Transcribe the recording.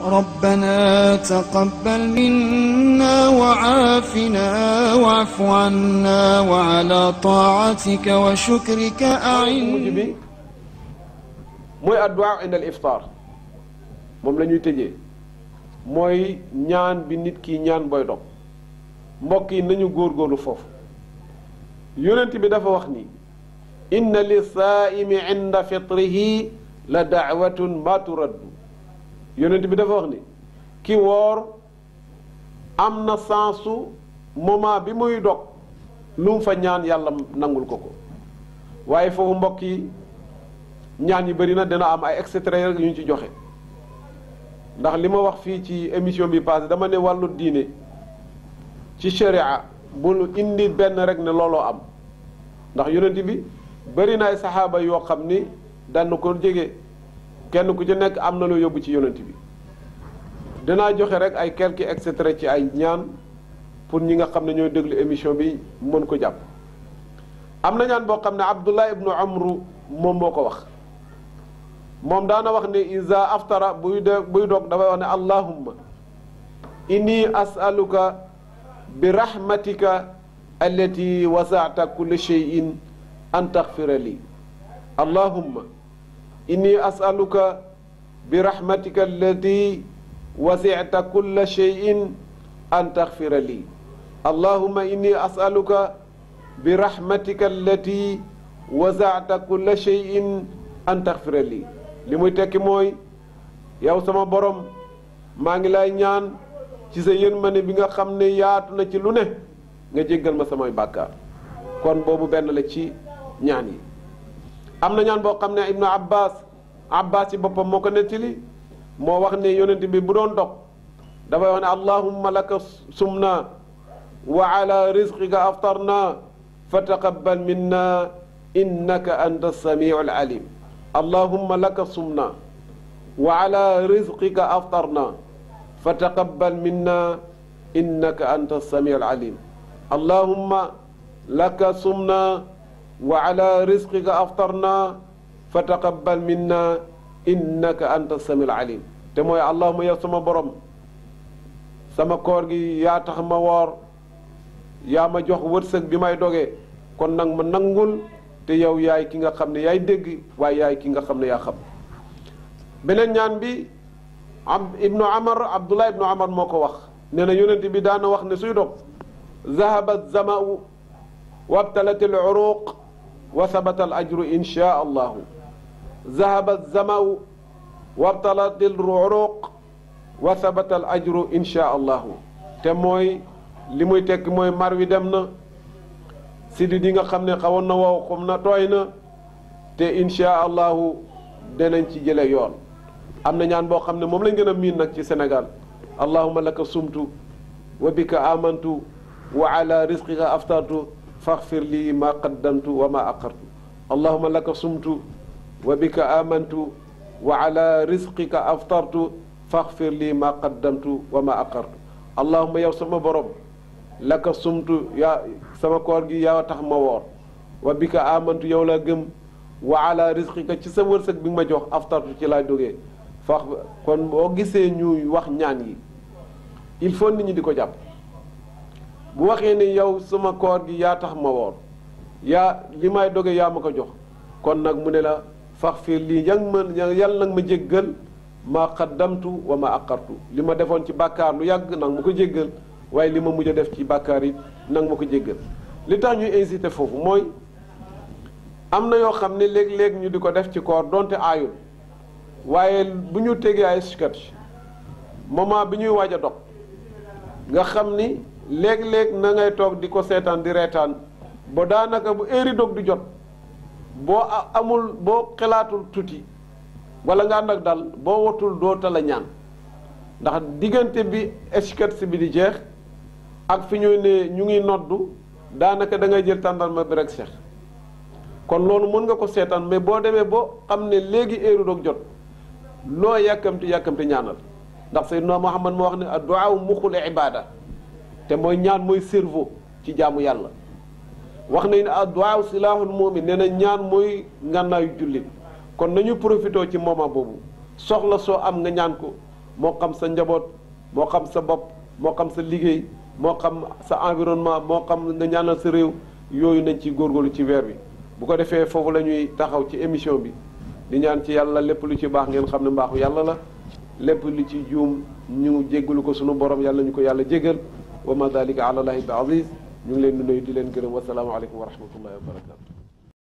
ربنا تقبل منا وعافنا واعف عنا وعلى طاعتك وشكرك أعنا mooy addu'a indal iftaar moom la ñuy tëjee mooy ñaan bi nit ki ñaan booy dog mbokk yi nañu góorgóorlu foofu yonent bi dafa wax ni inna li saaimi inda fitrihi la daawatun ma turaddu yonent bi dafa wax ni ki woor am na sansu moment bi muy dog lu mu fa ñaan yàlla nangul ko ko waaye foofu mbokk yi ñaan yi bari na dina am ay extrait rek yu ñu ci joxe ndax li ma wax fii ci émission bi passé dama ne wàllu diine ci sharia bul indi benn rek ne looloo am ndax yonent bi bari na saxaaba yoo xam ni daan ko jege. kenn ku ci nekk am na lu yóbbu ci yonent bi dinaa joxe rek ay quelques et ci ay ñaan pour ñi nga xam ne ñooy déglu émission bi mën ko jàpp am na ñaan boo xam ne abdullah ibnu amru moom moo ko wax moom daana wax ne isa aftara buy de buy doog dafay wax ne allahumma inni asaluka bi rahmatika allati wasaata kulli cheyin an taxfira li allahumma inni asaluka bi rahmatika allati wasita kulla cheyin an taxfira allahuma inni asaluka bi rahmatika allati wasata kulla cheyin an taxfira li muy tekki mooy yow sama borom maa ngi lay ñaan ci sa yërmande bi nga xam ne yaatu na ci lu ne nga jéggal ma samay bakka kon boobu benn la ci ñaan yi am na ñaan boo xam ne ibnu abbas abbas ci boppam moo ko nettali moo wax ne yonent bi bu doon dox dafay wax ne allahumma laka sumna wa ala rizqika aftarna fa taqabbal minna innaka anta samiu alalim allahumma laka sumna wa ala rizqika aftarna fa taqabbal minna innaka anta samiu alalim allahumma laka sumna wa ala risqika aftarna fa taqabbal minna innaka anta samiul alim te mooy allahuma yow sama borom sama koor gi yaa tax ma woor yaa ma jox wërsëg bi may doge kon nag ma nangul te yow yaay ki nga xam ne yaay dégg waaye yaay ki nga xam ne yaa xam beneen ñaan bi am ibnu amar abdullah ibnu amar moo ko wax nee na yonent bi daana wax ne suy dog zahabat zamau wabtalatil uruq wasabatal sabata al ajru inshaa allahu zahaba alzamaw wabtalat al uruq ajru inshaa te mooy li muy tekk mooy mar wi dem na sidit yi nga xam ne xawoon na wow xum na tooy na te inshaa allahu ci jële yoon am na ñaan boo xam ne moom lañ gën a miin nag ci Sénégal allahuma laka sumtu wa bika amantu wa ala rizqika aftartu faxfir lii maa qaddamtu wa ma aqartu allahuma laka sumtu wa bika amantu wa ala risqika aftartu faxfir lii qaddamtu wa maa aqartu allahuma yow sama borom laka sumtu yaa sama koor gi yaa tax ma woor wa bika amantu yow la gëm wa ala risqika ci sa wërsëg bi ma jox aftartu ci laa dogee fax kon boo gisee ñuy wax ñaan yi il faut nit ñi di ko jàpp bu waxee ne yow sama koor gi yaa tax ma woor yaa li may doge yaa ma ko jox kon nag mu ne la fax fiir lii yang ma yàlla nag ma jéggal ma qaddamtu wa ma aqartu li ma defoon ci bàkkaar lu yàgg nag ma ko jéggal waaye li ma mujj a def ci bàkkaar yi nag ma ko jéggal li tax ñuy incité foofu mooy am na yoo xam ne léeg-léeg ñu di ko def ci koor donte aayul waaye bu ñu tegee ay sketch moment bi ñuy waaj a dog nga xam ni léeg-léeg na ngay toog di ko seetaan di reetaan ba daanaka bu heure dog di jot boo amul boo xalaatul tuuti wala nga ànd ak dal boo watul doo tala ñaan ndax diggante bi étiquette si bi di jeex ak fi ñuy ne ñu ngi noddu daanaka da ngay jël tàndarma bi rek seex kon loolu mën nga ko seetaan mais boo demee boo xam ne léegi heure dog jot loo yàkkamti yàkkamti ñaanal ndax Seydina Muhammad moo wax ne addu'a muxul ibaada te mooy ñaan mooy cerveau ci jaamu yàlla wax nañ ne adduwaaw silaahul mu'min nee na ñaan mooy ngànnaayu jullit kon nañu profité ci moment boobu soxla soo am nga ñaan ko moo xam sa njaboot moo xam sa bopp moo xam sa liggéey moo xam sa environnement moo xam nga ñaanal sa réew yooyu nañ ci góorgóorlu ci weer bi bu ko defee foofu la ñuy taxaw ci émission bi di ñaan ci yàlla lépp lu ci baax ngeen xam ne mbaaxu yàlla la lépp lu ci juum ñu jéggalu ko sunu borom yàlla ñu ko yàlla jégal wa ma dalika ala allahi bi aziz ñu ngi leen di nuyu di leen gërëm wasalaamualeykum wa rahmatullahi wa barakatu